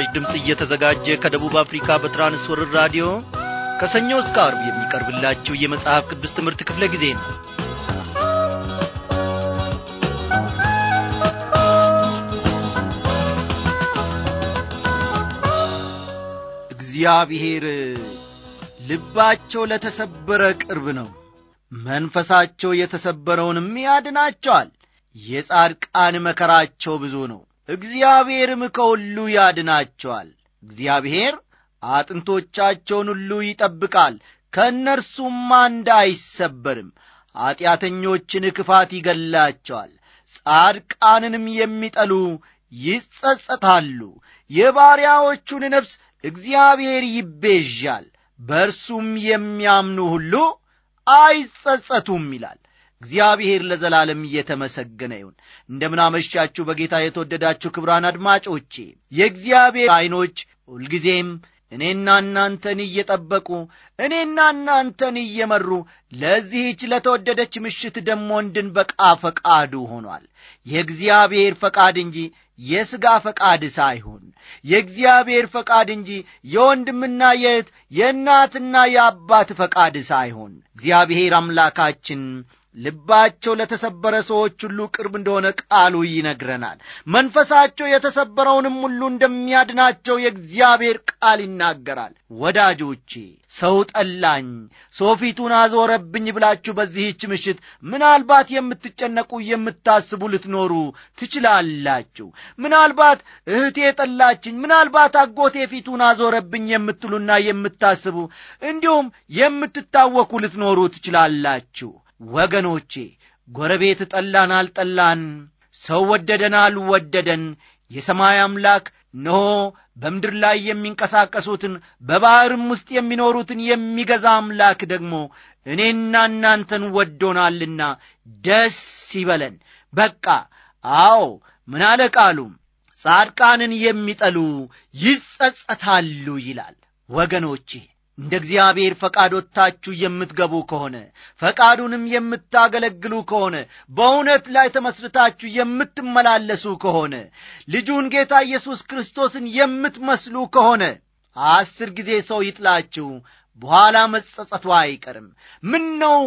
ለመስራች ድምፅ እየተዘጋጀ ከደቡብ አፍሪካ በትራንስወርር ራዲዮ ከሰኞ እስከ አርብ የሚቀርብላችሁ የመጽሐፍ ቅዱስ ትምህርት ክፍለ ጊዜ ነው እግዚአብሔር ልባቸው ለተሰበረ ቅርብ ነው መንፈሳቸው የተሰበረውንም ያድናቸዋል የጻድቃን መከራቸው ብዙ ነው እግዚአብሔርም ከሁሉ ያድናቸዋል። እግዚአብሔር አጥንቶቻቸውን ሁሉ ይጠብቃል፣ ከእነርሱም አንድ አይሰበርም። ኀጢአተኞችን ክፋት ይገላቸዋል፣ ጻድቃንንም የሚጠሉ ይጸጸታሉ። የባሪያዎቹን ነፍስ እግዚአብሔር ይቤዣል፣ በእርሱም የሚያምኑ ሁሉ አይጸጸቱም ይላል። እግዚአብሔር ለዘላለም እየተመሰገነ ይሁን። እንደምናመሻችሁ በጌታ የተወደዳችሁ ክብራን አድማጮቼ፣ የእግዚአብሔር ዐይኖች ሁልጊዜም እኔና እናንተን እየጠበቁ እኔና እናንተን እየመሩ ለዚህች ለተወደደች ምሽት ደግሞ እንድንበቃ ፈቃዱ ሆኗል። የእግዚአብሔር ፈቃድ እንጂ የሥጋ ፈቃድ ሳይሆን የእግዚአብሔር ፈቃድ እንጂ የወንድምና የእህት የእናትና የአባት ፈቃድ ሳይሆን እግዚአብሔር አምላካችን ልባቸው ለተሰበረ ሰዎች ሁሉ ቅርብ እንደሆነ ቃሉ ይነግረናል። መንፈሳቸው የተሰበረውንም ሁሉ እንደሚያድናቸው የእግዚአብሔር ቃል ይናገራል። ወዳጆቼ ሰው ጠላኝ፣ ሰው ፊቱን አዞረብኝ ብላችሁ በዚህች ምሽት ምናልባት የምትጨነቁ የምታስቡ ልትኖሩ ትችላላችሁ። ምናልባት እህቴ ጠላችኝ፣ ምናልባት አጎቴ ፊቱን አዞረብኝ የምትሉና የምታስቡ እንዲሁም የምትታወኩ ልትኖሩ ትችላላችሁ። ወገኖቼ ጎረቤት ጠላን አልጠላን፣ ሰው ወደደን አልወደደን፣ የሰማይ አምላክ እነሆ በምድር ላይ የሚንቀሳቀሱትን በባሕርም ውስጥ የሚኖሩትን የሚገዛ አምላክ ደግሞ እኔና እናንተን ወዶናልና ደስ ይበለን። በቃ አዎ፣ ምን አለ ቃሉ? ጻድቃንን የሚጠሉ ይጸጸታሉ ይላል። ወገኖቼ እንደ እግዚአብሔር ፈቃድ ወጥታችሁ የምትገቡ ከሆነ ፈቃዱንም የምታገለግሉ ከሆነ በእውነት ላይ ተመስርታችሁ የምትመላለሱ ከሆነ ልጁን ጌታ ኢየሱስ ክርስቶስን የምትመስሉ ከሆነ አስር ጊዜ ሰው ይጥላችሁ በኋላ መጸጸቷ አይቀርም። ምን ነው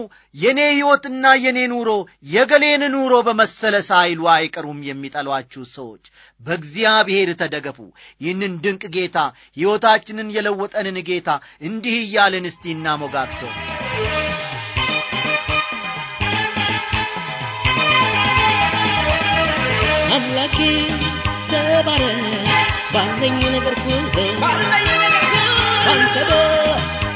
የእኔ ሕይወትና የእኔ ኑሮ የገሌን ኑሮ በመሰለ ሳይሉ አይቀሩም የሚጠሏችሁ ሰዎች። በእግዚአብሔር ተደገፉ። ይህንን ድንቅ ጌታ ሕይወታችንን የለወጠንን ጌታ እንዲህ እያልን እስቲ እናሞጋግሰው። አምላኬ ተባረ ባለኝ ነገር ሁሉ ባንተ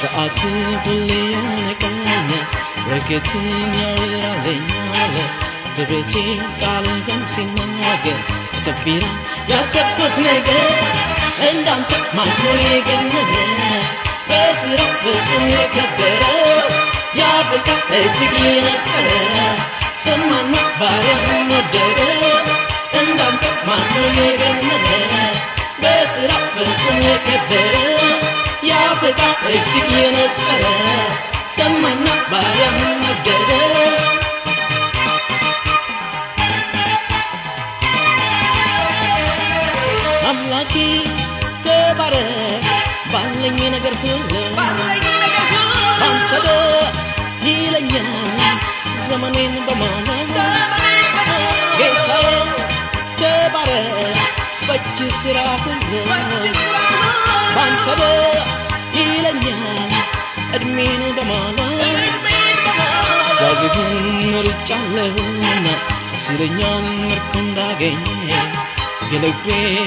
ከአትህ ሁሌ ያነቃኛል ረገትህ ያወራለኛል በቤቴ ቃልህን ሲናገር ተቢራ ያሰብኩት ነገር እንዳንተ ማኖ የገነነ በስራ ፍጹም የከበረ ያብቃ እጅግ የነጠረ ስማና ባሪያውን ወደደ እንዳንተ ማኖ የገነነ በስራ ፍጹም የከበረ የአፍሪካ እጅግ የነጠረ ሰማና ባሪያም ነገደ አምላኬ ተባረክ ባለኝ ነገር ሁሉ አንተ ደስ ይለኛል ዘመኔን በማመን ጌታዬ ተባረክ በእጅ ስራ ሁሉ ባንተ ደስ ይለኛል እድሜን በማለት ዛዝህን መርጫለሁና ሲለኛም ምርኮ እንዳገኘ የልቤ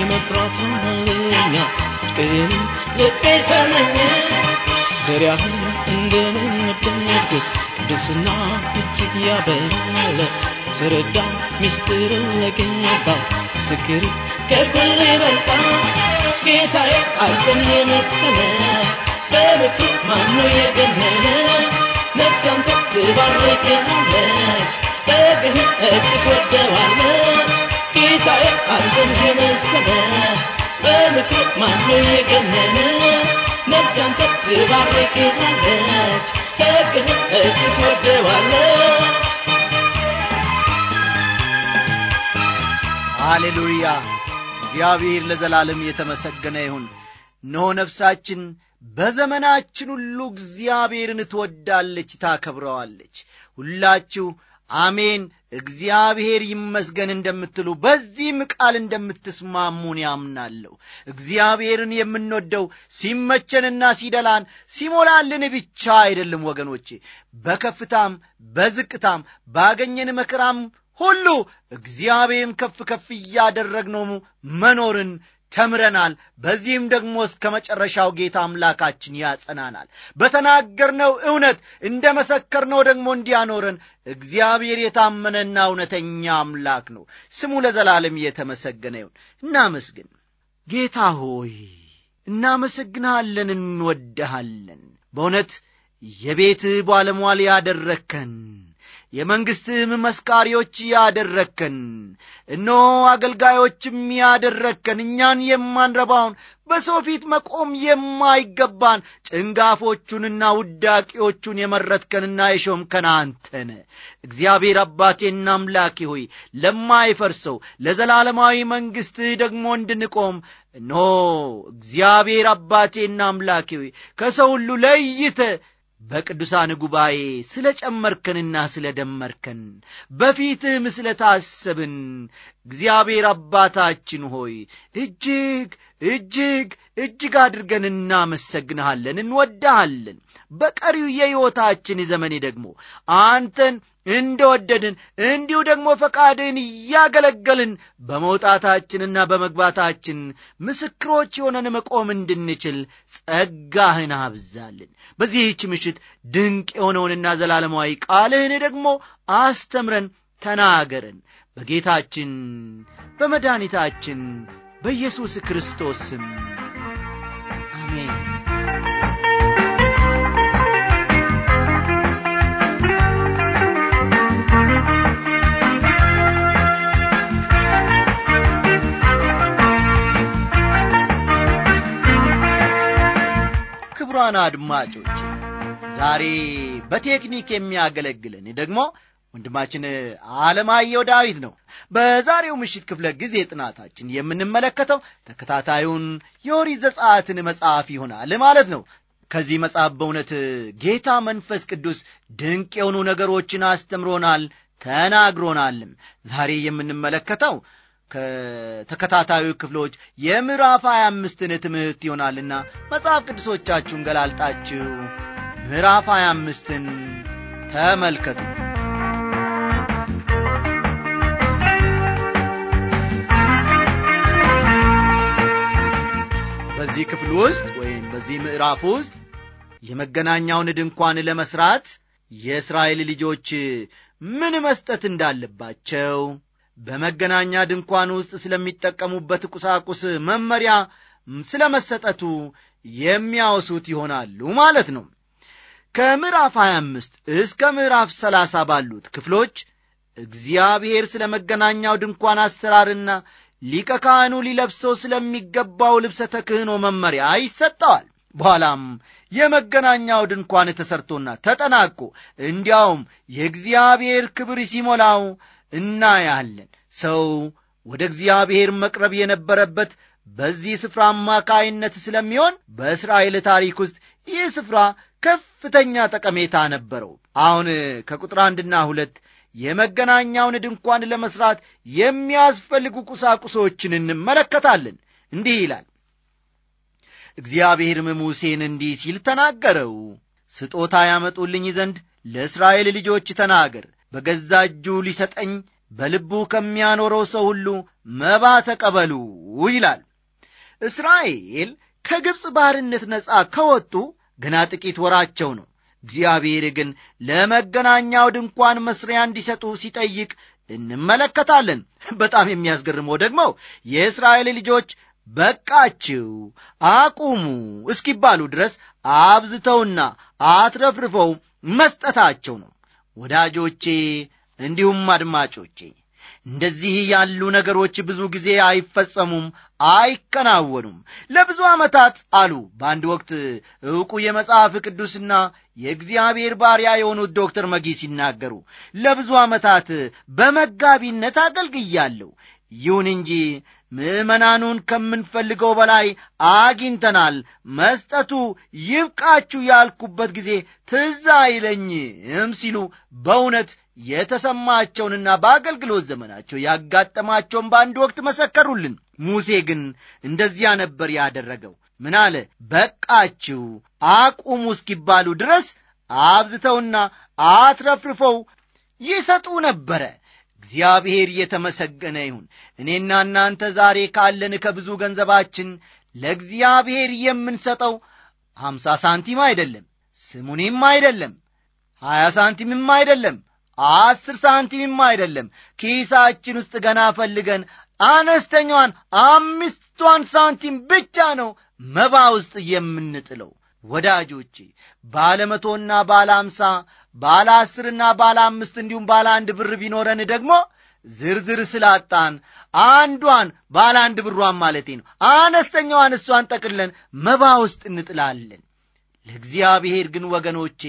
መብራት ሆነልኛ ጽድቅን ልቤ ተመኘ ዘሪያህን እንደምንወደድኩት ቅድስና እጅግ ያበራለ ስረዳ ሚስጥርን ለገባ ምስክር ከኩል ይበልጣል ጌታዬ አንተን የመሰለ በልኩ ማኖ የገነነ ነፍስ አንተ ትባርካለች በግህ እጅግ ወደዋለች ጌታዬ አንተን የመሰለ በልኩ ማኑ የገነነ ነፍስ አንተ ትባርካለች በግህ እጅግ ወደዋለች ሃሌሉያ እግዚአብሔር ለዘላለም የተመሰገነ ይሁን። እነሆ ነፍሳችን በዘመናችን ሁሉ እግዚአብሔርን ትወዳለች፣ ታከብረዋለች። ሁላችሁ አሜን እግዚአብሔር ይመስገን እንደምትሉ በዚህም ቃል እንደምትስማሙን ያምናለሁ። እግዚአብሔርን የምንወደው ሲመቸንና ሲደላን ሲሞላልን ብቻ አይደለም ወገኖቼ። በከፍታም በዝቅታም ባገኘን መከራም ሁሉ እግዚአብሔርን ከፍ ከፍ እያደረግነው መኖርን ተምረናል። በዚህም ደግሞ እስከ መጨረሻው ጌታ አምላካችን ያጸናናል። በተናገርነው እውነት እንደ መሰከርነው ደግሞ እንዲያኖረን እግዚአብሔር የታመነና እውነተኛ አምላክ ነው። ስሙ ለዘላለም እየተመሰገነ ይሁን። እናመስግን። ጌታ ሆይ እናመሰግንሃለን፣ እንወድሃለን። በእውነት የቤትህ ባለሟል ያደረግከን የመንግሥትህም መስካሪዎች ያደረግከን፣ እነሆ አገልጋዮችም ያደረግከን፣ እኛን የማንረባውን በሰው ፊት መቆም የማይገባን ጭንጋፎቹንና ውዳቂዎቹን የመረትከንና የሾምከን አንተነ እግዚአብሔር አባቴና አምላኬ ሆይ ለማይፈርሰው ለዘላለማዊ መንግሥትህ ደግሞ እንድንቆም እነሆ እግዚአብሔር አባቴና አምላኬ ሆይ ከሰው ሁሉ ለይተ በቅዱሳን ጉባኤ ስለ ጨመርከንና ስለ ደመርከን በፊትህም ስለ ታሰብን እግዚአብሔር አባታችን ሆይ እጅግ እጅግ እጅግ አድርገን እናመሰግንሃለን፣ እንወዳሃለን። በቀሪው የሕይወታችን ዘመኔ ደግሞ አንተን እንደወደድን እንዲሁ ደግሞ ፈቃድን እያገለገልን በመውጣታችንና በመግባታችን ምስክሮች የሆነን መቆም እንድንችል ጸጋህን አብዛልን። በዚህች ምሽት ድንቅ የሆነውንና ዘላለማዊ ቃልህን ደግሞ አስተምረን ተናገረን። በጌታችን በመድኃኒታችን በኢየሱስ ክርስቶስ ስም አሜን። ክቡራን አድማጮች ዛሬ በቴክኒክ የሚያገለግለን ደግሞ ወንድማችን አለማየሁ ዳዊት ነው። በዛሬው ምሽት ክፍለ ጊዜ ጥናታችን የምንመለከተው ተከታታዩን የወሪ ዘጻትን መጽሐፍ ይሆናል ማለት ነው። ከዚህ መጽሐፍ በእውነት ጌታ መንፈስ ቅዱስ ድንቅ የሆኑ ነገሮችን አስተምሮናል፣ ተናግሮናልም። ዛሬ የምንመለከተው ከተከታታዩ ክፍሎች የምዕራፍ 2 አምስትን ትምህርት ይሆናልና መጽሐፍ ቅዱሶቻችሁን ገላልጣችሁ ምዕራፍ ሃያ አምስትን ተመልከቱ። በዚህ ክፍል ውስጥ ወይም በዚህ ምዕራፍ ውስጥ የመገናኛውን ድንኳን ለመሥራት የእስራኤል ልጆች ምን መስጠት እንዳለባቸው በመገናኛ ድንኳን ውስጥ ስለሚጠቀሙበት ቁሳቁስ መመሪያ ስለ መሰጠቱ የሚያወሱት ይሆናሉ ማለት ነው። ከምዕራፍ 25 እስከ ምዕራፍ 30 ባሉት ክፍሎች እግዚአብሔር ስለ መገናኛው ድንኳን አሰራርና ሊቀ ካህኑ ሊለብሰው ስለሚገባው ልብሰ ተክህኖ መመሪያ ይሰጠዋል። በኋላም የመገናኛው ድንኳን ተሰርቶና ተጠናቆ እንዲያውም የእግዚአብሔር ክብር ሲሞላው እናያለን። ሰው ወደ እግዚአብሔር መቅረብ የነበረበት በዚህ ስፍራ አማካይነት ስለሚሆን በእስራኤል ታሪክ ውስጥ ይህ ስፍራ ከፍተኛ ጠቀሜታ ነበረው። አሁን ከቁጥር አንድና ሁለት የመገናኛውን ድንኳን ለመስራት የሚያስፈልጉ ቁሳቁሶችን እንመለከታለን። እንዲህ ይላል። እግዚአብሔርም ሙሴን እንዲህ ሲል ተናገረው። ስጦታ ያመጡልኝ ዘንድ ለእስራኤል ልጆች ተናገር። በገዛ እጁ ሊሰጠኝ በልቡ ከሚያኖረው ሰው ሁሉ መባ ተቀበሉ ይላል። እስራኤል ከግብፅ ባርነት ነፃ ከወጡ ገና ጥቂት ወራቸው ነው። እግዚአብሔር ግን ለመገናኛው ድንኳን መስሪያ እንዲሰጡ ሲጠይቅ እንመለከታለን። በጣም የሚያስገርመው ደግሞ የእስራኤል ልጆች በቃችው፣ አቁሙ እስኪባሉ ድረስ አብዝተውና አትረፍርፈው መስጠታቸው ነው። ወዳጆቼ እንዲሁም አድማጮቼ እንደዚህ ያሉ ነገሮች ብዙ ጊዜ አይፈጸሙም፣ አይከናወኑም። ለብዙ ዓመታት አሉ በአንድ ወቅት ዕውቁ የመጽሐፍ ቅዱስና የእግዚአብሔር ባሪያ የሆኑት ዶክተር መጊ ሲናገሩ ለብዙ ዓመታት በመጋቢነት አገልግያለሁ። ይሁን እንጂ ምዕመናኑን ከምንፈልገው በላይ አግኝተናል፣ መስጠቱ ይብቃችሁ ያልኩበት ጊዜ ትዝ አይለኝም ሲሉ በእውነት የተሰማቸውንና በአገልግሎት ዘመናቸው ያጋጠማቸውን በአንድ ወቅት መሰከሩልን። ሙሴ ግን እንደዚያ ነበር ያደረገው። ምን አለ? በቃችሁ አቁሙ እስኪባሉ ድረስ አብዝተውና አትረፍርፈው ይሰጡ ነበረ። እግዚአብሔር እየተመሰገነ ይሁን። እኔና እናንተ ዛሬ ካለን ከብዙ ገንዘባችን ለእግዚአብሔር የምንሰጠው አምሳ ሳንቲም አይደለም፣ ስሙኒም አይደለም፣ ሀያ ሳንቲምም አይደለም አስር ሳንቲምም አይደለም። ኪሳችን ውስጥ ገና ፈልገን አነስተኛዋን አምስቷን ሳንቲም ብቻ ነው መባ ውስጥ የምንጥለው። ወዳጆቼ ባለ መቶና ባለ አምሳ ባለ አስርና ባለ አምስት እንዲሁም ባለ አንድ ብር ቢኖረን ደግሞ ዝርዝር ስላጣን አንዷን ባለ አንድ ብሯን ማለቴ ነው አነስተኛዋን እሷን ጠቅለን መባ ውስጥ እንጥላለን። ለእግዚአብሔር ግን ወገኖቼ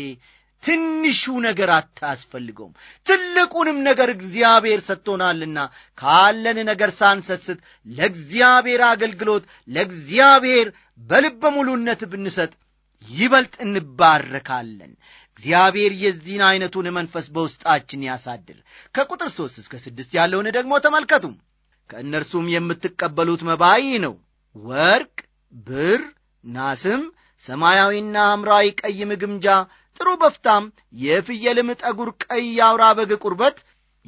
ትንሹ ነገር አታስፈልገውም። ትልቁንም ነገር እግዚአብሔር ሰጥቶናልና ካለን ነገር ሳንሰስት ለእግዚአብሔር አገልግሎት ለእግዚአብሔር በልበ ሙሉነት ብንሰጥ ይበልጥ እንባረካለን። እግዚአብሔር የዚህን ዐይነቱን መንፈስ በውስጣችን ያሳድር። ከቁጥር ሦስት እስከ ስድስት ያለውን ደግሞ ተመልከቱ። ከእነርሱም የምትቀበሉት መባይ ነው፣ ወርቅ፣ ብር፣ ናስም፣ ሰማያዊና ሐምራዊ ቀይም ግምጃ ጥሩ በፍታም፣ የፍየልም ጠጉር፣ ቀይ የአውራ በግ ቁርበት፣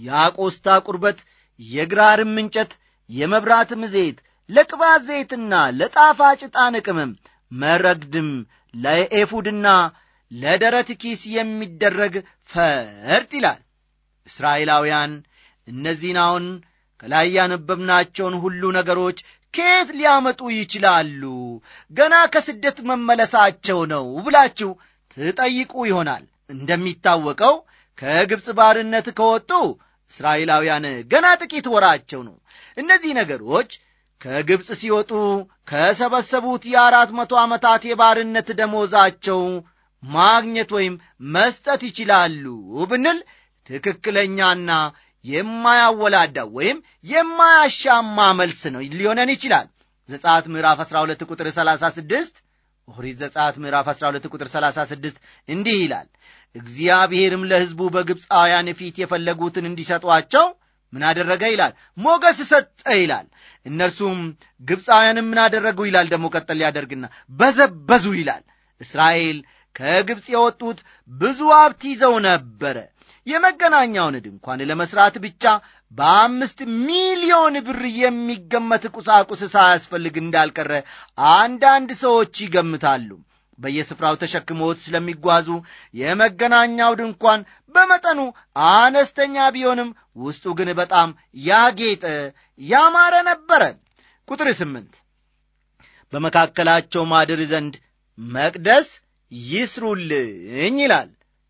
የአቆስታ ቁርበት፣ የግራርም እንጨት፣ የመብራትም ዘይት፣ ለቅባት ዘይትና ለጣፋጭ ጣንቅምም መረግድም ለኤፉድና ለደረት ኪስ የሚደረግ ፈርጥ ይላል። እስራኤላውያን እነዚህን አሁን ከላይ ያነበብናቸውን ሁሉ ነገሮች ከየት ሊያመጡ ይችላሉ? ገና ከስደት መመለሳቸው ነው ብላችሁ ትጠይቁ ይሆናል። እንደሚታወቀው ከግብፅ ባርነት ከወጡ እስራኤላውያን ገና ጥቂት ወራቸው ነው። እነዚህ ነገሮች ከግብፅ ሲወጡ ከሰበሰቡት የአራት መቶ ዓመታት የባርነት ደሞዛቸው ማግኘት ወይም መስጠት ይችላሉ ብንል ትክክለኛና የማያወላዳ ወይም የማያሻማ መልስ ነው ሊሆነን ይችላል። ዘጻት ምዕራፍ 12 ቁጥር 36 ኦሪት ዘጸአት ምዕራፍ 12 ቁጥር 36 እንዲህ ይላል፣ እግዚአብሔርም ለሕዝቡ በግብፃውያን ፊት የፈለጉትን እንዲሰጧቸው ምን አደረገ ይላል፣ ሞገስ ሰጠ ይላል። እነርሱም ግብፃውያንም ምን አደረጉ ይላል፣ ደግሞ ቀጠል ያደርግና በዘበዙ ይላል። እስራኤል ከግብፅ የወጡት ብዙ ሀብት ይዘው ነበረ። የመገናኛውን ድንኳን ለመሥራት ብቻ በአምስት ሚሊዮን ብር የሚገመት ቁሳቁስ ሳያስፈልግ እንዳልቀረ አንዳንድ ሰዎች ይገምታሉ። በየስፍራው ተሸክሞት ስለሚጓዙ የመገናኛው ድንኳን በመጠኑ አነስተኛ ቢሆንም ውስጡ ግን በጣም ያጌጠ ያማረ ነበረ። ቁጥር ስምንት በመካከላቸው ማድር ዘንድ መቅደስ ይስሩልኝ ይላል።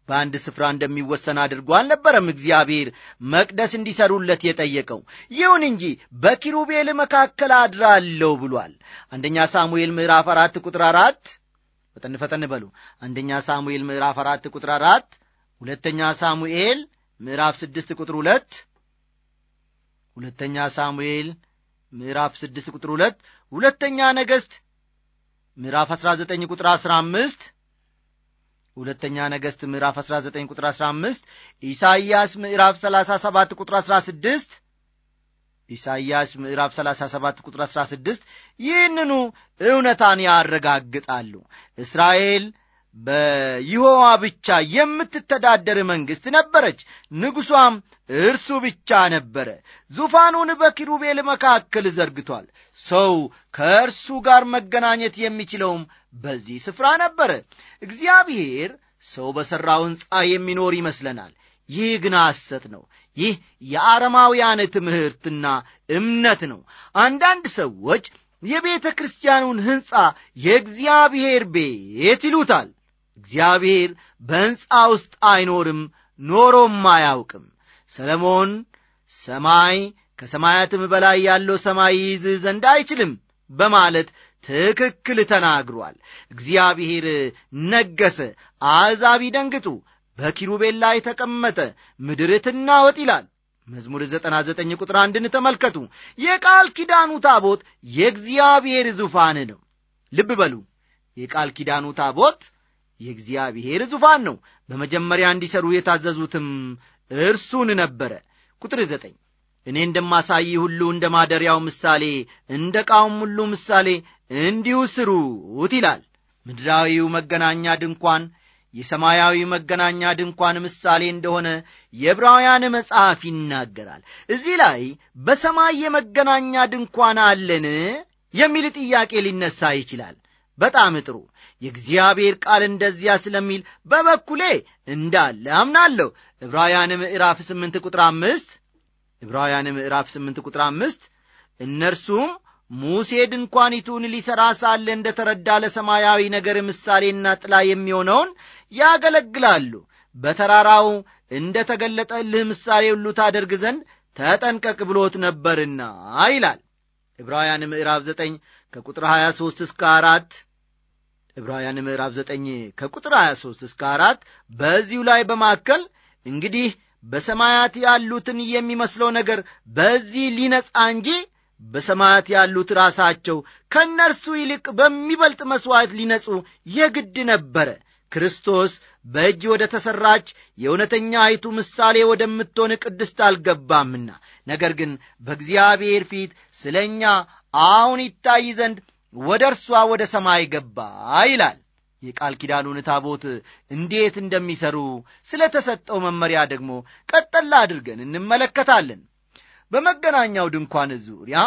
በአንድ ስፍራ እንደሚወሰን አድርጎ አልነበረም እግዚአብሔር መቅደስ እንዲሰሩለት የጠየቀው። ይሁን እንጂ በኪሩቤል መካከል አድራለሁ ብሏል። አንደኛ ሳሙኤል ምዕራፍ አራት ቁጥር አራት ፈጠን ፈጠን በሉ። አንደኛ ሳሙኤል ምዕራፍ አራት ቁጥር አራት ሁለተኛ ሳሙኤል ምዕራፍ ስድስት ቁጥር ሁለት ሁለተኛ ሳሙኤል ምዕራፍ ስድስት ቁጥር ሁለት ሁለተኛ ነገሥት ምዕራፍ አስራ ዘጠኝ ቁጥር አስራ አምስት ሁለተኛ ነገሥት ምዕራፍ 19 ቁጥር 15 ኢሳይያስ ምዕራፍ 37 ቁጥር 16 ኢሳይያስ ምዕራፍ 37 ቁጥር 16 ይህንኑ እውነታን ያረጋግጣሉ እስራኤል በይሖዋ ብቻ የምትተዳደር መንግሥት ነበረች። ንጉሷም እርሱ ብቻ ነበረ። ዙፋኑን በኪሩቤል መካከል ዘርግቷል። ሰው ከእርሱ ጋር መገናኘት የሚችለውም በዚህ ስፍራ ነበረ። እግዚአብሔር ሰው በሠራው ሕንፃ የሚኖር ይመስለናል። ይህ ግን ሐሰት ነው። ይህ የአረማውያን ትምህርትና እምነት ነው። አንዳንድ ሰዎች የቤተ ክርስቲያኑን ሕንፃ የእግዚአብሔር ቤት ይሉታል። እግዚአብሔር በሕንፃ ውስጥ አይኖርም፣ ኖሮም አያውቅም። ሰለሞን ሰማይ ከሰማያትም በላይ ያለው ሰማይ ይዝ ዘንድ አይችልም በማለት ትክክል ተናግሯል። እግዚአብሔር ነገሰ አሕዛብ ይደንግጡ፣ በኪሩቤል ላይ ተቀመጠ፣ ምድር ትናወጥ ይላል። መዝሙር 99 ቁጥር አንድን ተመልከቱ። የቃል ኪዳኑ ታቦት የእግዚአብሔር ዙፋን ነው። ልብ በሉ፣ የቃል ኪዳኑ ታቦት የእግዚአብሔር ዙፋን ነው። በመጀመሪያ እንዲሰሩ የታዘዙትም እርሱን ነበረ። ቁጥር ዘጠኝ እኔ እንደማሳይ ሁሉ እንደ ማደሪያው ምሳሌ እንደ ዕቃውም ሁሉ ምሳሌ እንዲሁ ስሩት ይላል። ምድራዊው መገናኛ ድንኳን የሰማያዊ መገናኛ ድንኳን ምሳሌ እንደሆነ የዕብራውያን መጽሐፍ ይናገራል። እዚህ ላይ በሰማይ የመገናኛ ድንኳን አለን የሚል ጥያቄ ሊነሳ ይችላል። በጣም እጥሩ የእግዚአብሔር ቃል እንደዚያ ስለሚል በበኩሌ እንዳለ አምናለሁ። ዕብራውያን ምዕራፍ ስምንት ቁጥር አምስት ዕብራውያን ምዕራፍ ስምንት ቁጥር አምስት እነርሱም ሙሴ ድንኳኒቱን ሊሠራ ሳለ እንደ ተረዳ ለሰማያዊ ነገር ምሳሌና ጥላ የሚሆነውን ያገለግላሉ። በተራራው እንደ ተገለጠልህ ምሳሌ ሁሉ ታደርግ ዘንድ ተጠንቀቅ ብሎት ነበርና ይላል። ዕብራውያን ምዕራፍ ዘጠኝ ከቁጥር 23 እስከ 4 ዕብራውያን ምዕራፍ 9 ከቁጥር 23 እስከ 4 በዚሁ ላይ በማከል እንግዲህ በሰማያት ያሉትን የሚመስለው ነገር በዚህ ሊነጻ እንጂ በሰማያት ያሉት ራሳቸው ከእነርሱ ይልቅ በሚበልጥ መሥዋዕት ሊነጹ የግድ ነበረ። ክርስቶስ በእጅ ወደ ተሠራች የእውነተኛ አይቱ ምሳሌ ወደምትሆን ቅድስት አልገባምና፣ ነገር ግን በእግዚአብሔር ፊት ስለ እኛ አሁን ይታይ ዘንድ ወደ እርሷ ወደ ሰማይ ገባ ይላል። የቃል ኪዳኑን ታቦት እንዴት እንደሚሠሩ ስለ ተሰጠው መመሪያ ደግሞ ቀጠላ አድርገን እንመለከታለን። በመገናኛው ድንኳን ዙሪያ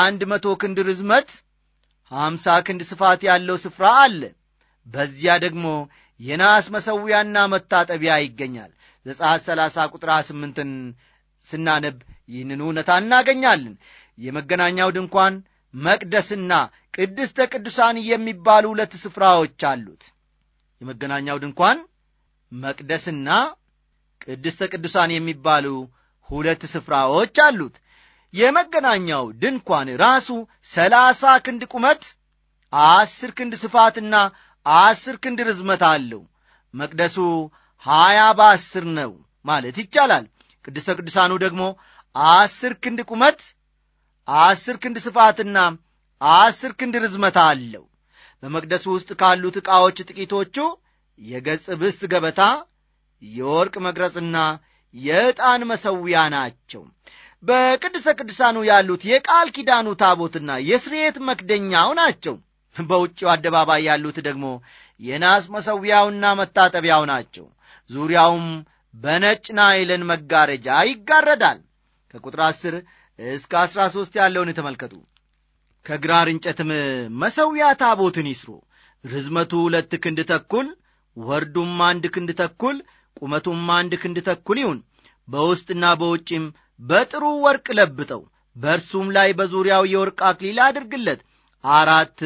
አንድ መቶ ክንድ ርዝመት፣ ሀምሳ ክንድ ስፋት ያለው ስፍራ አለ። በዚያ ደግሞ የናስ መሠዊያና መታጠቢያ ይገኛል። ዘጸአት 30 ቁጥር 8ን ስናነብ ይህንን እውነታ እናገኛለን። የመገናኛው ድንኳን መቅደስና ቅድስተ ቅዱሳን የሚባሉ ሁለት ስፍራዎች አሉት። የመገናኛው ድንኳን መቅደስና ቅድስተ ቅዱሳን የሚባሉ ሁለት ስፍራዎች አሉት። የመገናኛው ድንኳን ራሱ ሰላሳ ክንድ ቁመት፣ አስር ክንድ ስፋትና አስር ክንድ ርዝመት አለው። መቅደሱ ሀያ በአስር ነው ማለት ይቻላል። ቅድስተ ቅዱሳኑ ደግሞ አስር ክንድ ቁመት አስር ክንድ ስፋትና አስር ክንድ ርዝመት አለው። በመቅደሱ ውስጥ ካሉት ዕቃዎች ጥቂቶቹ የገጽ ብስት ገበታ፣ የወርቅ መቅረጽና የዕጣን መሠዊያ ናቸው። በቅድስተ ቅዱሳኑ ያሉት የቃል ኪዳኑ ታቦትና የስርየት መክደኛው ናቸው። በውጭው አደባባይ ያሉት ደግሞ የናስ መሠዊያውና መታጠቢያው ናቸው። ዙሪያውም በነጭ ናይለን መጋረጃ ይጋረዳል። ከቁጥር አስር እስከ አሥራ ሦስት ያለውን ተመልከቱ። ከግራር እንጨትም መሠዊያ ታቦትን ይስሩ። ርዝመቱ ሁለት ክንድ ተኩል፣ ወርዱም አንድ ክንድ ተኩል፣ ቁመቱም አንድ ክንድ ተኩል ይሁን። በውስጥና በውጪም በጥሩ ወርቅ ለብጠው፣ በእርሱም ላይ በዙሪያው የወርቅ አክሊል አድርግለት። አራት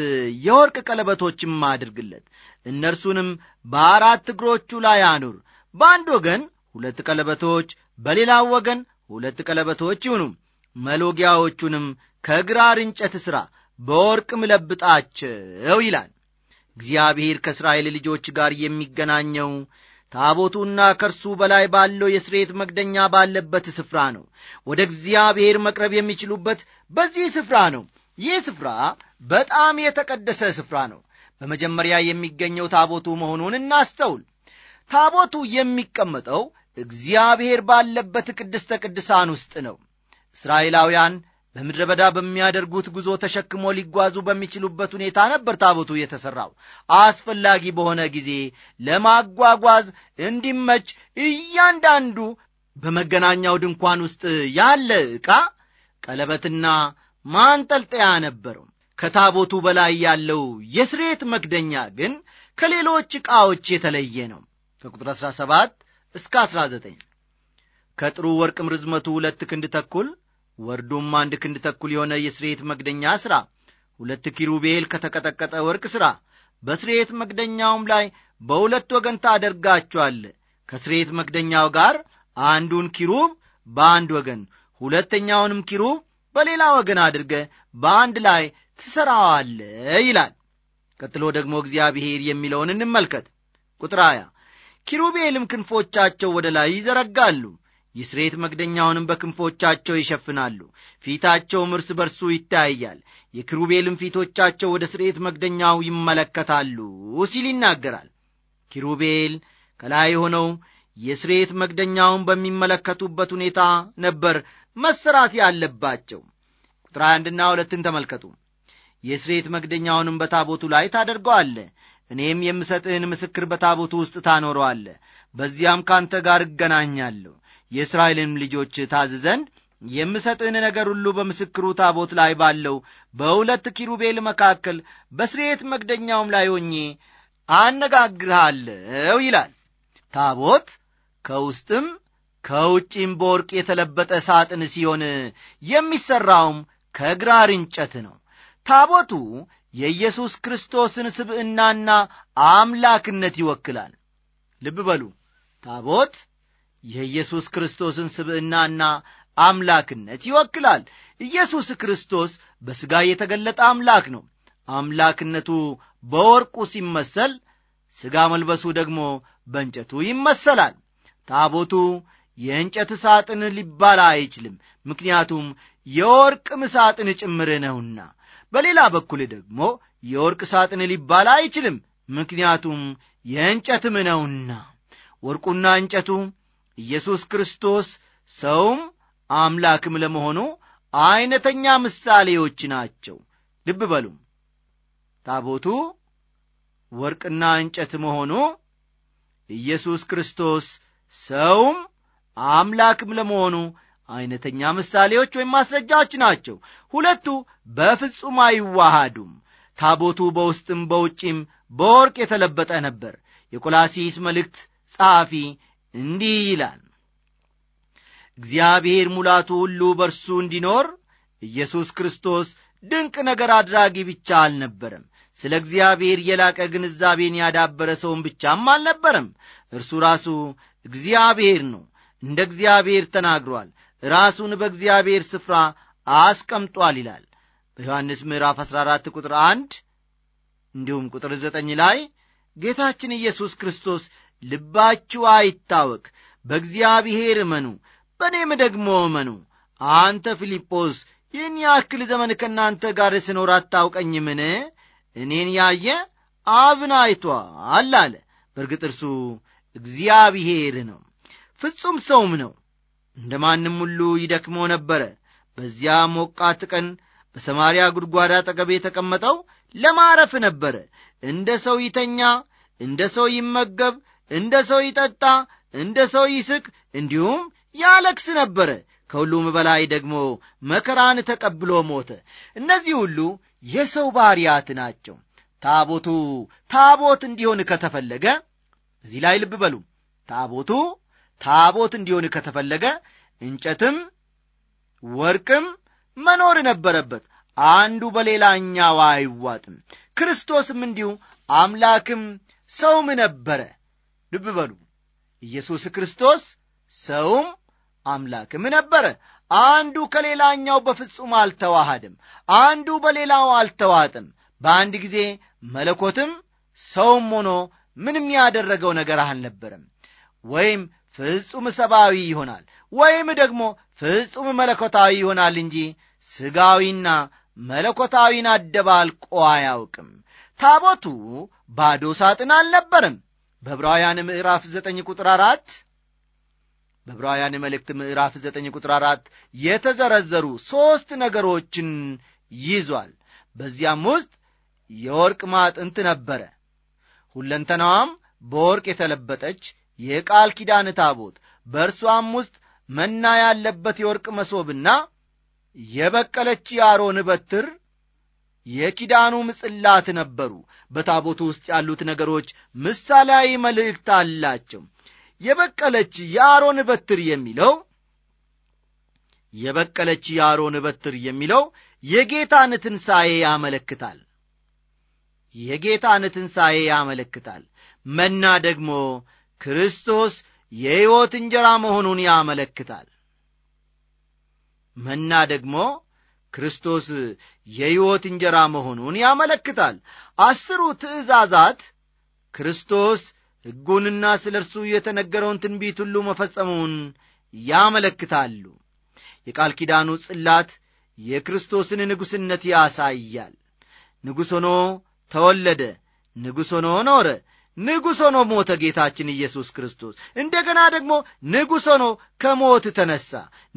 የወርቅ ቀለበቶችም አድርግለት። እነርሱንም በአራት እግሮቹ ላይ አኑር። በአንድ ወገን ሁለት ቀለበቶች፣ በሌላው ወገን ሁለት ቀለበቶች ይሁኑም። መሎጊያዎቹንም ከግራር እንጨት ሥራ፣ በወርቅም ለብጣቸው ይላል። እግዚአብሔር ከእስራኤል ልጆች ጋር የሚገናኘው ታቦቱና ከእርሱ በላይ ባለው የስሬት መግደኛ ባለበት ስፍራ ነው። ወደ እግዚአብሔር መቅረብ የሚችሉበት በዚህ ስፍራ ነው። ይህ ስፍራ በጣም የተቀደሰ ስፍራ ነው። በመጀመሪያ የሚገኘው ታቦቱ መሆኑን እናስተውል። ታቦቱ የሚቀመጠው እግዚአብሔር ባለበት ቅድስተ ቅድሳን ውስጥ ነው። እስራኤላውያን በምድረ በዳ በሚያደርጉት ጉዞ ተሸክሞ ሊጓዙ በሚችሉበት ሁኔታ ነበር ታቦቱ የተሠራው። አስፈላጊ በሆነ ጊዜ ለማጓጓዝ እንዲመች እያንዳንዱ በመገናኛው ድንኳን ውስጥ ያለ ዕቃ ቀለበትና ማንጠልጠያ ነበረው። ከታቦቱ በላይ ያለው የስሬት መክደኛ ግን ከሌሎች ዕቃዎች የተለየ ነው። ከቁጥር 17 እስከ 19 ከጥሩ ወርቅም ርዝመቱ ሁለት ክንድ ተኩል ወርዱም አንድ ክንድ ተኩል የሆነ የስርየት መግደኛ ሥራ። ሁለት ኪሩቤል ከተቀጠቀጠ ወርቅ ሥራ። በስርየት መግደኛውም ላይ በሁለት ወገን ታደርጋቸዋለ ከስርየት መግደኛው ጋር አንዱን ኪሩብ በአንድ ወገን፣ ሁለተኛውንም ኪሩብ በሌላ ወገን አድርገ በአንድ ላይ ትሠራዋለ ይላል። ቀጥሎ ደግሞ እግዚአብሔር የሚለውን እንመልከት። ቁጥር ሃያ ኪሩቤልም ክንፎቻቸው ወደ ላይ ይዘረጋሉ የስሬት መግደኛውንም በክንፎቻቸው ይሸፍናሉ። ፊታቸውም እርስ በርሱ ይታያል። የኪሩቤልም ፊቶቻቸው ወደ ስሬት መግደኛው ይመለከታሉ ሲል ይናገራል። ኪሩቤል ከላይ ሆነው የስሬት መግደኛውን በሚመለከቱበት ሁኔታ ነበር መሰራት ያለባቸው። ቁጥር አንድና ሁለትን ተመልከቱ። የስሬት መግደኛውንም በታቦቱ ላይ ታደርገዋለ፣ እኔም የምሰጥህን ምስክር በታቦቱ ውስጥ ታኖረዋለ፣ በዚያም ካንተ ጋር እገናኛለሁ የእስራኤልንም ልጆች ታዝ ዘንድ የምሰጥህን ነገር ሁሉ በምስክሩ ታቦት ላይ ባለው በሁለት ኪሩቤል መካከል በስርየት መግደኛውም ላይ ሆኜ አነጋግርሃለሁ ይላል። ታቦት ከውስጥም ከውጭም በወርቅ የተለበጠ ሳጥን ሲሆን የሚሠራውም ከግራር እንጨት ነው። ታቦቱ የኢየሱስ ክርስቶስን ስብዕናና አምላክነት ይወክላል። ልብ በሉ ታቦት የኢየሱስ ክርስቶስን ስብዕናና አምላክነት ይወክላል። ኢየሱስ ክርስቶስ በሥጋ የተገለጠ አምላክ ነው። አምላክነቱ በወርቁ ሲመሰል፣ ሥጋ መልበሱ ደግሞ በእንጨቱ ይመሰላል። ታቦቱ የእንጨት ሳጥን ሊባል አይችልም፣ ምክንያቱም የወርቅም ሳጥን ጭምር ነውና። በሌላ በኩል ደግሞ የወርቅ ሳጥን ሊባል አይችልም፣ ምክንያቱም የእንጨትም ነውና። ወርቁና እንጨቱ ኢየሱስ ክርስቶስ ሰውም አምላክም ለመሆኑ ዐይነተኛ ምሳሌዎች ናቸው። ልብ በሉም ታቦቱ ወርቅና እንጨት መሆኑ ኢየሱስ ክርስቶስ ሰውም አምላክም ለመሆኑ ዐይነተኛ ምሳሌዎች ወይም ማስረጃዎች ናቸው። ሁለቱ በፍጹም አይዋሃዱም። ታቦቱ በውስጥም በውጪም በወርቅ የተለበጠ ነበር። የቆላሲስ መልእክት ጸሐፊ እንዲህ ይላል እግዚአብሔር ሙላቱ ሁሉ በእርሱ እንዲኖር ኢየሱስ ክርስቶስ ድንቅ ነገር አድራጊ ብቻ አልነበረም ስለ እግዚአብሔር የላቀ ግንዛቤን ያዳበረ ሰውን ብቻም አልነበረም እርሱ ራሱ እግዚአብሔር ነው እንደ እግዚአብሔር ተናግሯል ራሱን በእግዚአብሔር ስፍራ አስቀምጧል ይላል በዮሐንስ ምዕራፍ 14 ቁጥር 1 እንዲሁም ቁጥር 9 ላይ ጌታችን ኢየሱስ ክርስቶስ ልባችሁ አይታወክ፣ በእግዚአብሔር እመኑ፣ በእኔም ደግሞ እመኑ። አንተ ፊልጶስ ይህን ያክል ዘመን ከእናንተ ጋር ስኖር አታውቀኝምን? እኔን ያየ አብን አይቷል አለ። በእርግጥ እርሱ እግዚአብሔር ነው፣ ፍጹም ሰውም ነው። እንደ ማንም ሁሉ ይደክሞ ነበረ። በዚያ ሞቃት ቀን በሰማርያ ጉድጓድ አጠገብ የተቀመጠው ለማረፍ ነበረ። እንደ ሰው ይተኛ፣ እንደ ሰው ይመገብ፣ እንደ ሰው ይጠጣ፣ እንደ ሰው ይስቅ፣ እንዲሁም ያለክስ ነበረ። ከሁሉም በላይ ደግሞ መከራን ተቀብሎ ሞተ። እነዚህ ሁሉ የሰው ባህሪያት ናቸው። ታቦቱ ታቦት እንዲሆን ከተፈለገ እዚህ ላይ ልብ በሉ። ታቦቱ ታቦት እንዲሆን ከተፈለገ እንጨትም ወርቅም መኖር ነበረበት። አንዱ በሌላኛው አይዋጥም። ክርስቶስም እንዲሁ አምላክም ሰውም ነበረ። ልብ በሉ ኢየሱስ ክርስቶስ ሰውም አምላክም ነበረ። አንዱ ከሌላኛው በፍጹም አልተዋሃደም። አንዱ በሌላው አልተዋጥም። በአንድ ጊዜ መለኮትም ሰውም ሆኖ ምንም ያደረገው ነገር አልነበረም። ወይም ፍጹም ሰብአዊ ይሆናል ወይም ደግሞ ፍጹም መለኮታዊ ይሆናል እንጂ ሥጋዊና መለኮታዊን አደባልቆ አያውቅም። ታቦቱ ባዶ ሳጥን አልነበረም። በዕብራውያን ምዕራፍ ዘጠኝ ቁጥር አራት በዕብራውያን መልእክት ምዕራፍ ዘጠኝ ቁጥር አራት የተዘረዘሩ ሦስት ነገሮችን ይዟል። በዚያም ውስጥ የወርቅ ማጥንት ነበረ። ሁለንተናዋም በወርቅ የተለበጠች የቃል ኪዳን ታቦት፣ በእርሷም ውስጥ መና ያለበት የወርቅ መሶብና የበቀለች የአሮን በትር የኪዳኑም ጽላት ነበሩ። በታቦቱ ውስጥ ያሉት ነገሮች ምሳሌያዊ መልእክት አላቸው። የበቀለች የአሮን በትር የሚለው የበቀለች የአሮን በትር የሚለው የጌታን ትንሣኤ ያመለክታል። የጌታን ትንሣኤ ያመለክታል። መና ደግሞ ክርስቶስ የሕይወት እንጀራ መሆኑን ያመለክታል። መና ደግሞ ክርስቶስ የሕይወት እንጀራ መሆኑን ያመለክታል። አስሩ ትእዛዛት ክርስቶስ ሕጉንና ስለ እርሱ የተነገረውን ትንቢት ሁሉ መፈጸሙን ያመለክታሉ። የቃል ኪዳኑ ጽላት የክርስቶስን ንጉሥነት ያሳያል። ንጉሥ ሆኖ ተወለደ። ንጉሥ ሆኖ ኖረ። ንጉሥ ሆኖ ሞተ ጌታችን ኢየሱስ ክርስቶስ። እንደገና ደግሞ ንጉሥ ሆኖ ከሞት ተነሣ።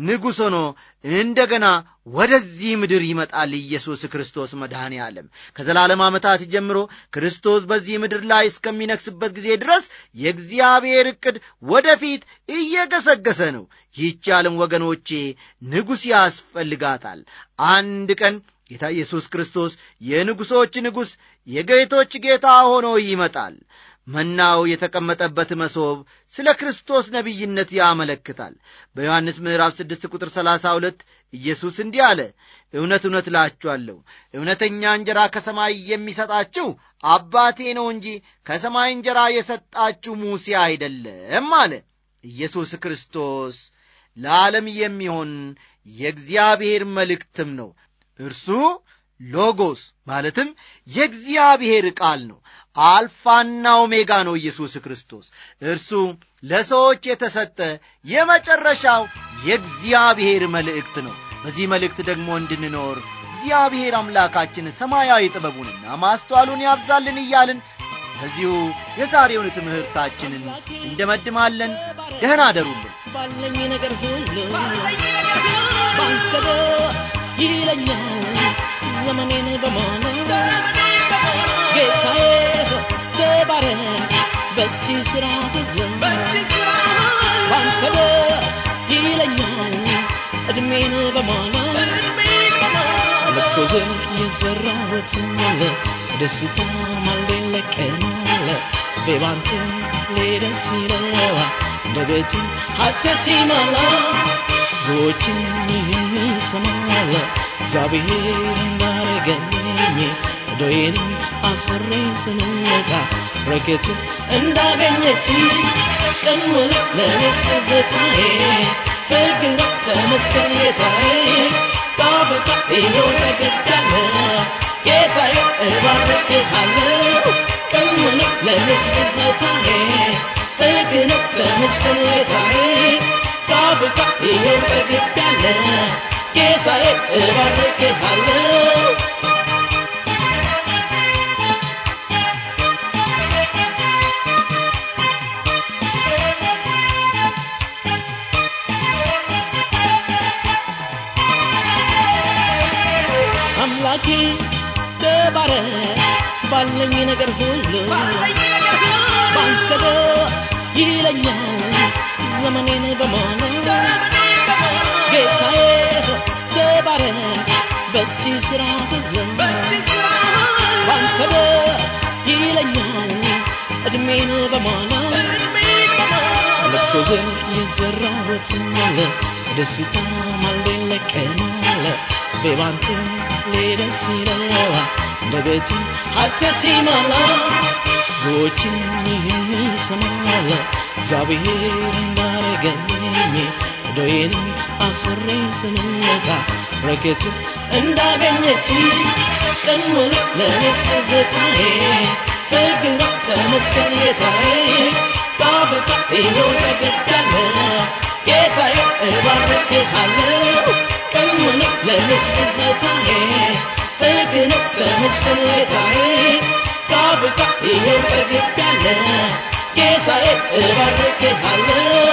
ንጉሥ ሆኖ እንደገና ወደዚህ ምድር ይመጣል ኢየሱስ ክርስቶስ መድኃኔ ዓለም። ከዘላለም ዓመታት ጀምሮ ክርስቶስ በዚህ ምድር ላይ እስከሚነግስበት ጊዜ ድረስ የእግዚአብሔር ዕቅድ ወደፊት እየገሰገሰ ነው። ይህች ዓለም ወገኖቼ ንጉሥ ያስፈልጋታል። አንድ ቀን ጌታ ኢየሱስ ክርስቶስ የንጉሶች ንጉሥ የጌቶች ጌታ ሆኖ ይመጣል። መናው የተቀመጠበት መሶብ ስለ ክርስቶስ ነቢይነት ያመለክታል። በዮሐንስ ምዕራፍ 6 ቁጥር 32 ኢየሱስ እንዲህ አለ፣ እውነት እውነት እላችኋለሁ እውነተኛ እንጀራ ከሰማይ የሚሰጣችሁ አባቴ ነው እንጂ ከሰማይ እንጀራ የሰጣችሁ ሙሴ አይደለም አለ። ኢየሱስ ክርስቶስ ለዓለም የሚሆን የእግዚአብሔር መልእክትም ነው። እርሱ ሎጎስ ማለትም የእግዚአብሔር ቃል ነው። አልፋና ኦሜጋ ነው ኢየሱስ ክርስቶስ። እርሱ ለሰዎች የተሰጠ የመጨረሻው የእግዚአብሔር መልእክት ነው። በዚህ መልእክት ደግሞ እንድንኖር እግዚአብሔር አምላካችን ሰማያዊ ጥበቡንና ማስተዋሉን ያብዛልን እያልን ከዚሁ የዛሬውን ትምህርታችንን እንደመድማለን። ደህና አደሩልን። ባለኝ ነገር ሁሉ ባንተ ደስ ይለኛል ዘመኔን በመሆኑ ጌታዬ ተባረክ በእጅ ስራ ባንተ ደስ ይለኛል እድሜን በማላ ለቅሶ ዘንድ የዘራሁትን ያለ ደስታ ማልዴን ለቀማለ ቤባንተ ሌደስ ይለዋ እንደ ቤቴ ሐሴት ይሞላ ብዙዎችን ይህን ይሰማለ እግዚአብሔር እንዳረገልኝ ዶዬንም አሰሬ ስንመጣ ረከት እንዳገኘች ጽኑ ለእኔስ ገዘታዬ ሕግና ተመስገን ጌታዬ ባበቃ ይኸው ተገዳለ ጌታዬ እባርክሃለሁ ጽኑ ለእኔስ ገዘታዬ ሕግና ባበቃ ይኸው ተገዳለ ጌታዬ እባርክሃለሁ ተባረክ ባለኝ ነገር ሁሉ ባንተ ደስ ይለኛል ዘመኔን በሞላ ጌታዬ ተባረክ በእጅ ስራ ሁሉ ባንተ ደስ ይለኛል እድሜን በሞላ ልብሶ ዘር የዘራሁት ማለ ደስታ ማሌ ለቀማለ ባንተ ሌደስ ይለዋል እንደ ቤቲ ሐሴት ይሞላል ብዙዎችም ይህን ይሰማል እግዚአብሔር እንዳረገልኝ ዶዬን አስሬ ስንመጣ በረከት እንዳገኘች ቀን ሙሉ ለእኔስ ትዝታዬ ሕግና ተመስገን ጌታዬ ጣበቃ ይኸው ተገዳለ ጌታዬ እባርኬሃለሁ ጌታዬ እባርክሃለሁ